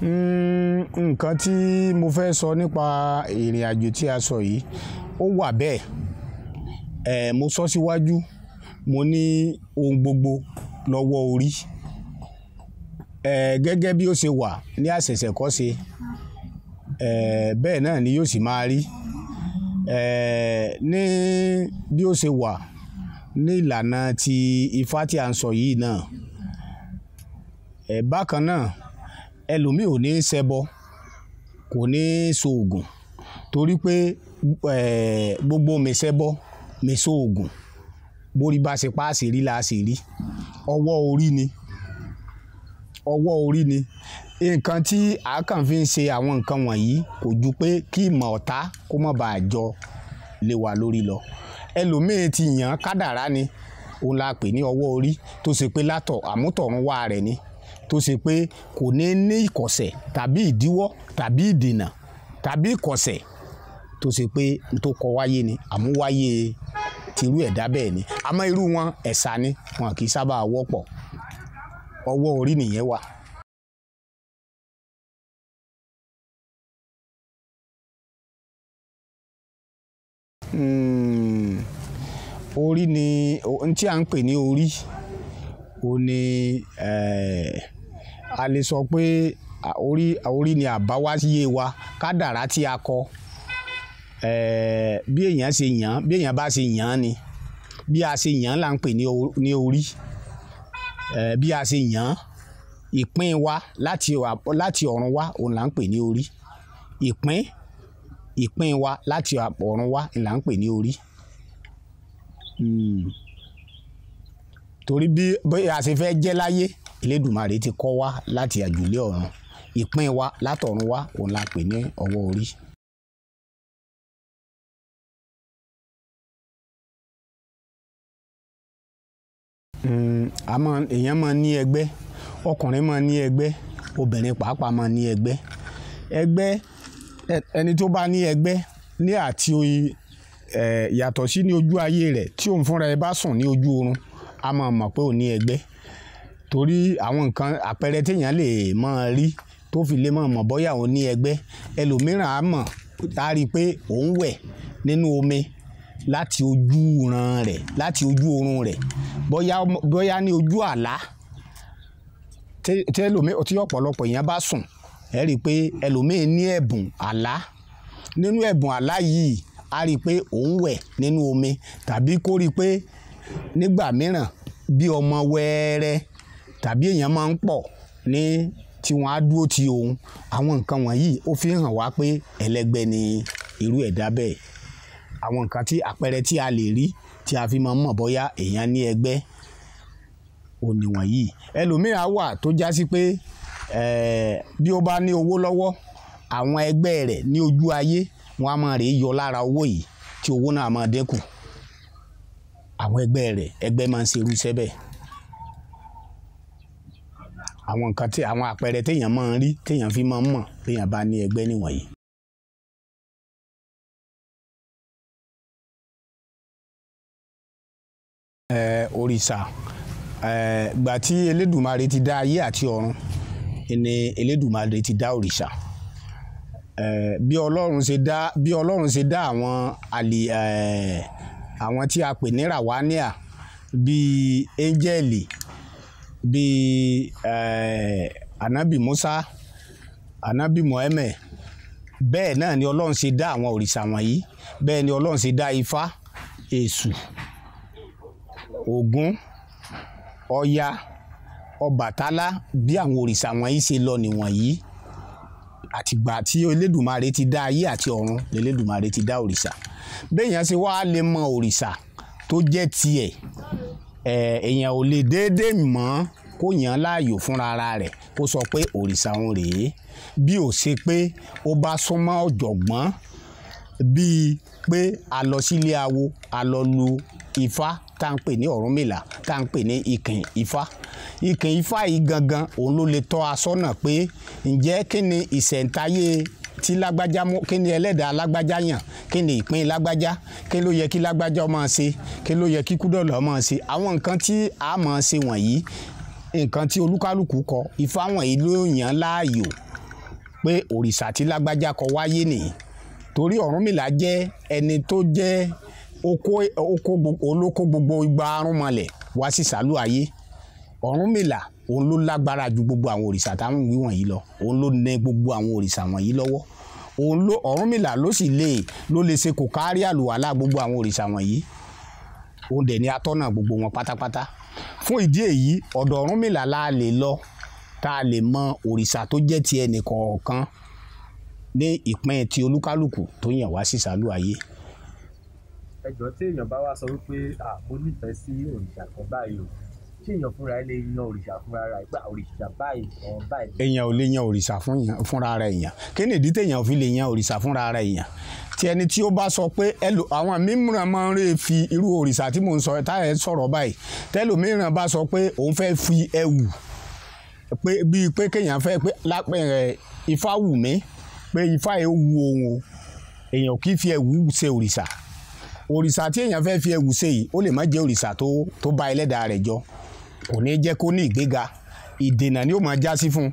Hmm, nǹkan tí mo fẹ́ sọ nípa ìrìn àjò tí a sọ yìí ó wà bẹ́ẹ̀ ẹ̀ mo sọ síwájú mo ní ohun gbogbo lọ́wọ́ orí ẹ̀ gẹ́gẹ́ bí ó ṣe wà ní àṣẹ̀ṣẹ̀kọ́ṣe, kọ́ ẹ̀ bẹ́ẹ̀ náà ni yóò sì máa rí ẹ̀ ní bí ó ṣe wà ní ìlànà ti ifá tí a ń sọ yìí náà bákan náà. ẹlòmíì ò ní í ṣẹbọ kò ní í ṣoògùn torí pé eh, gbogbo mèṣẹbọ mèṣoògùn borí bá ṣe páàsì rí la ṣe rí ọwọ́ orí ni ọwọ́ orí ni nǹkan tí a kàn fi ń ṣe àwọn nǹkan wọ̀nyí kò ju pé kí ìmọ̀ ọ̀tá kó má bàa jọ lé wa lórí lọ ẹlòmíì ti yàn kádàrá ni òun la pè ní ọwọ́ orí tó ṣe pé látọ̀ àmútọ̀run wá rẹ̀ ni tó ṣe pé kò ní ní ìkọ̀sẹ̀ tàbí ìdíwọ́ tàbí ìdènà tàbí ìkọ̀sẹ̀ tó ṣe pé tó kọ wáyé ni àmúwáyé tirú ẹ̀dá bẹ́ẹ̀ ni àmọ́ irú wọn ẹ̀sà ni wọn kì í sábà wọ́pọ̀ hmm, ni ohun a ń pè ní orí eh, a lè sọ pé orí orí ni àbáwáyé wa kádàrá tí a kọ bí èèyàn ṣe yàn bí èèyàn bá ṣe yàn ni bí a ṣe yàn là ń pè ní orí bí a ṣe yàn ìpín wa láti láti ọ̀run wa òun là ń pè ní orí ìpín ìpín wa láti ọ̀run wa là ń pè ní orí. Hmm torí bí bóyá a ṣe fẹ́ jẹ́ láyé Elédùmarè ti kọ́ wa láti àjùlé ọ̀run ìpín wa látọ̀run wa òun la pè ní ọwọ́ orí. àmọ́ hmm, èèyàn máa ní ẹgbẹ́ ọkùnrin máa ní ẹgbẹ́ obìnrin pàápàá máa ní ẹgbẹ́ ẹgbẹ́ ẹni tó bá ní ẹgbẹ́ ní àti yàtọ̀ sí ní ojú ayé rẹ̀ tí òun fúnra ẹ bá sùn ní ojú oorun a máa mọ̀ pé ò ní ẹgbẹ́ torí àwọn nǹkan àpẹẹrẹ téèyàn lè máa rí tó fi lè máa mọ̀ bóyá òun ní ẹgbẹ́ ẹlòmíràn á mọ̀ tá a rí i pé òun wẹ̀ nínú omi láti ojú ran rẹ̀ láti ojú oorun rẹ̀ bóyá bóyá ní ojú àlá tí ọ̀pọ̀lọpọ̀ èèyàn bá sùn ẹ rí i pé ẹlòmíì ní ẹ̀bùn àlá nínú ẹ̀bùn àlá yìí a rí i pé òun wẹ̀ nínú omi tàbí kó rí i pé nígbà mìíràn bí ọmọ wẹ́ẹ́rẹ́ tàbí èèyàn máa ń pọ̀ ní tí wọ́n á dúró ti òun àwọn nǹkan wọ̀nyí ó fi hàn wá pé ẹlẹ́gbẹ́ ni irú ẹ̀dá bẹ́ẹ̀ àwọn nǹkan tí àpẹẹrẹ tí a lè rí tí a fi máa ń mọ̀ bóyá èèyàn ní ẹgbẹ́ ò ní wọ̀nyí ẹlòmíràn wà tó já sí pé bí ó bá ní owó lọ́wọ́ àwọn ẹgbẹ́ rẹ̀ ní ojú ayé wọn á máa rèé yọ lára owó yìí tí owó náà máa dínkù àwọn ẹgbẹ́ rẹ̀ ẹgbẹ́ máa ń ṣe irú iṣẹ́ bẹ́ẹ̀ àwọn nǹkan tí àwọn àpẹẹrẹ téèyàn máa ń rí téèyàn fi máa ń mọ̀ téèyàn bá ní ẹgbẹ́ nìwọ̀nyí. ẹ òrìṣà ẹ gbà tí Elédùmarè ti dá ayé àti ọ̀run ni Elédùmarè ti dá òrìṣà ẹ bí Ọlọ́run ṣe dá bí Ọlọ́run ṣe dá àwọn àlè ẹ àwọn tí a pè ní rawania bíi angeli bíi eh, anabi musa anabi muhammed bẹ́ẹ̀ náà ni ọlọ́run ṣe dá àwọn òrìṣà wọ̀nyí bẹ́ẹ̀ ni ọlọ́run ṣe dá ifá èṣù ògún ọya ọbàtálá bí àwọn òrìṣà wọ̀nyí ṣe lọ nìwọ̀nyí àtìgbà tí elédùmarè ti dá ayé àti ọ̀run elédùmarè ti dá òrìṣà béèyàn ṣe wá lè mọ òrìṣà tó jẹ́ tiẹ̀ èèyàn ò lè déédéé mọ́ kó yàn án láàyò fúnra rẹ̀ kó sọ pé òrìṣà òun rèé bí ò ṣe pé ó bá súnmọ́ ọ̀jọ̀gbọ́n bíi pé a lọ sílé awo a lọ lu ifá tá à ń pè ní ọ̀rúnmìlà tá à ń pè ní ìkìn ifá ìkìn ifá yìí gangan òun ló lè tọ́ asọ́nà pé ǹjẹ́ kí ni ìṣẹ̀ǹtáyé tí lágbájá mú kí ni ẹlẹ́dàá lágbájá yàn kí ni ìpín lágbájá kí ló yẹ kí lágbájá máa ṣe kí ló yẹ kí kúdọ̀lọ́ máa ṣe àwọn nǹkan tí a máa ṣe wọ̀nyí nǹkan tí olúkálùkù kọ Ifá wọ̀nyí ló yàn láàyò pé òrìṣà tí lágbájá kọ wáyé nìyí torí Ọ̀rúnmìlà jẹ́ ẹni tó jẹ́ olóko gbogbo igba arúnmọlẹ̀ wá sí sàlú ayé ọ̀rúnmìlà òun ló lágbára ju gbogbo àwọn òrìṣà táwọn wí wọ̀nyí lọ òun ló nẹ gbogbo àwọn òrìṣà wọ̀nyí lọ́wọ́ òun ló ọ̀rúnmìlà ló sì lè ló lè ṣe kò kárí àlùwàlà gbogbo àwọn òrìṣà wọ̀nyí òun dẹ̀ ni atọ́nà gbogbo wọn pátápátá fún ìdí èyí ọ̀dọ̀ ọ̀rúnmìlà la lè lọ tá a lè mọ òrìṣà tó jẹ́ ti ẹnì kọ̀ọ̀kan ní ìpín ti olúkálùkù tó yàn wá sísàlù ayé. ẹjọ́ tí èèyàn bá wá sọ wípé àmúnífẹ̀ẹ́ òrìṣà kan báyìí ṣé èèyàn fúnra ẹ lè yan òrìṣà fúnra rẹ̀ gba òrìṣà báyìí ọ̀hún báyìí. èèyàn ò lè yan òrìṣà fúnra rẹ̀ èèyàn kí ni ìdí téèyàn fi lè yan òrìṣà fúnra rẹ̀ èèyàn tí ẹni tí ó bá sọ pé ẹlò àwọn mìíràn máa ń rè fi irú òrìṣà tí mò ń sọ táyà ẹ sọ̀rọ̀ báyìí tẹ́lòmíràn bá sọ pé òun fẹ́ fi ẹ̀wù pé bíi pé kéèyàn fẹ́ pé lápẹ̀rẹ̀ ifá wù mí pé ifá ẹ̀ wù òun o èèyàn kì í fi ẹ̀wù ṣe òrìṣà òrìṣà tí èèyàn fẹ́ fi ẹ̀wù ṣe yìí ó lè má jẹ́ òrìṣà tó tó bá ẹlẹ́dàá rẹ̀ jọ kò ní jẹ́ kó ní ìgbéga ìdènà ni ó máa já sí fún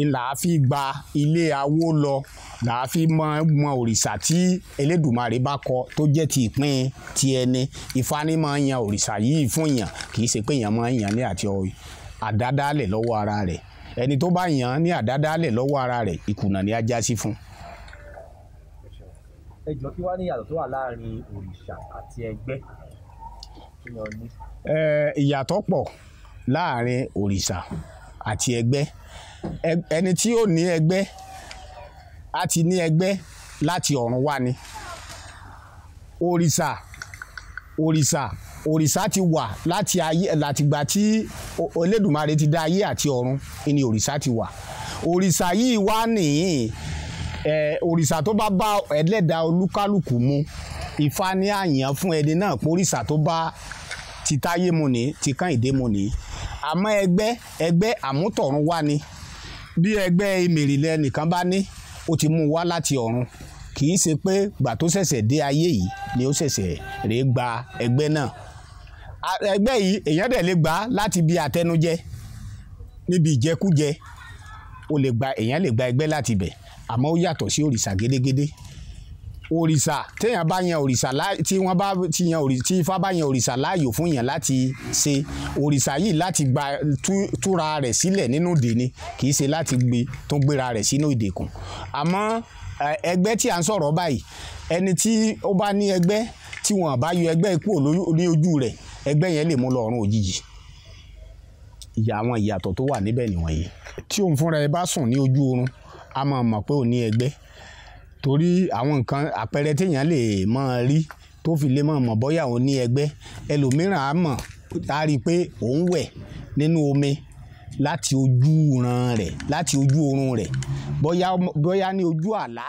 un là á fi gba ilé awó lọ là á fi mọ mọ òrìṣà tí Elédùmarè bá kọ tó jẹ́ ti ìpín ti ẹni Ifá ni máa yan òrìṣà yìí fún yàn kì í ṣe pé yàn máa yan ní àti àdádálẹ̀ lọ́wọ́ ara rẹ̀ ẹni tó bá yàn ní àdádálẹ̀ lọ́wọ́ ara rẹ̀ ìkùnà ni a já sí fún. ẹ jọ kí wàá ní ìyàtọ̀ tó wà láàrin òrìṣà àti ẹgbẹ́ kí ni ọ ní. Eh, ìyàtọ̀ pọ̀ láàrin òrìṣà àti ẹgbẹ́ ẹni tí ó ní ẹgbẹ́ á ti ní ẹgbẹ́ láti ọ̀run wá ni òrìṣà òrìṣà òrìṣà ti wà láti ayé látìgbà tí Elédùmarè ti dá ayé àti ọ̀run ni òrìṣà ti wà òrìṣà yìí wá nìyí òrìṣà tó bá bá ẹlẹ́dàá olúkálùkù mu Ifá ní àyàn fún ẹni náà pé òrìṣà tó bá ti táyé mu ní ti kàìdé mu ní àmọ́ ẹgbẹ́ ẹgbẹ́ àmútọ̀run wá ni bí ẹgbẹ́ ìmèrìlẹ̀ nìkan bá ní ó ti mú wá láti ọ̀run kì í ṣe pé gbà tó ṣẹ̀ṣẹ̀ dé ayé yìí ni ó ṣẹ̀ṣẹ̀ rèé gba ẹgbẹ́ náà ẹgbẹ́ yìí èèyàn dẹ̀ lè gbà láti bí àtẹnujẹ níbi ìjẹkújẹ o lè gba èèyàn lè gba ẹgbẹ́ láti bẹ̀ àmọ́ ó yàtọ̀ sí òrìṣà gédégédé òrìṣà téèyàn bá yan òrìṣà tí wọ́n bá ti yan òrìṣà tí ifá bá yan òrìṣà láàyò fún yàn láti ṣe òrìṣà yìí láti gba túra rẹ̀ sílẹ̀ nínú ìdè ni kì í ṣe láti gbé tó gbéra rẹ̀ sínú ìdèkùn àmọ́ ẹgbẹ́ tí à ń sọ̀rọ̀ báyìí ẹni tí ó bá ní ẹgbẹ́ tí wọ́n bá yọ ẹgbẹ́ ikú ní ojú rẹ̀ ẹgbẹ́ yẹn lè mú lọ ọ̀run òjijì ìyá àwọn ìyàtọ̀ tó wà níbẹ̀ nìwọ̀nyí tí òun fúnra ẹ bá sùn ní ojú oorun a máa mọ̀ pé ò ní ẹgbẹ́ torí àwọn nǹkan àpẹẹrẹ téèyàn lè mọ rí tó fi lè mọ mọ bóyá òun ní ẹgbẹ́ ẹlòmíràn á mọ̀ tá a rí i pé òun wẹ̀ nínú omi láti ojú ran rẹ̀ láti ojú oorun rẹ̀ bóyá bóyá ní ojú àlá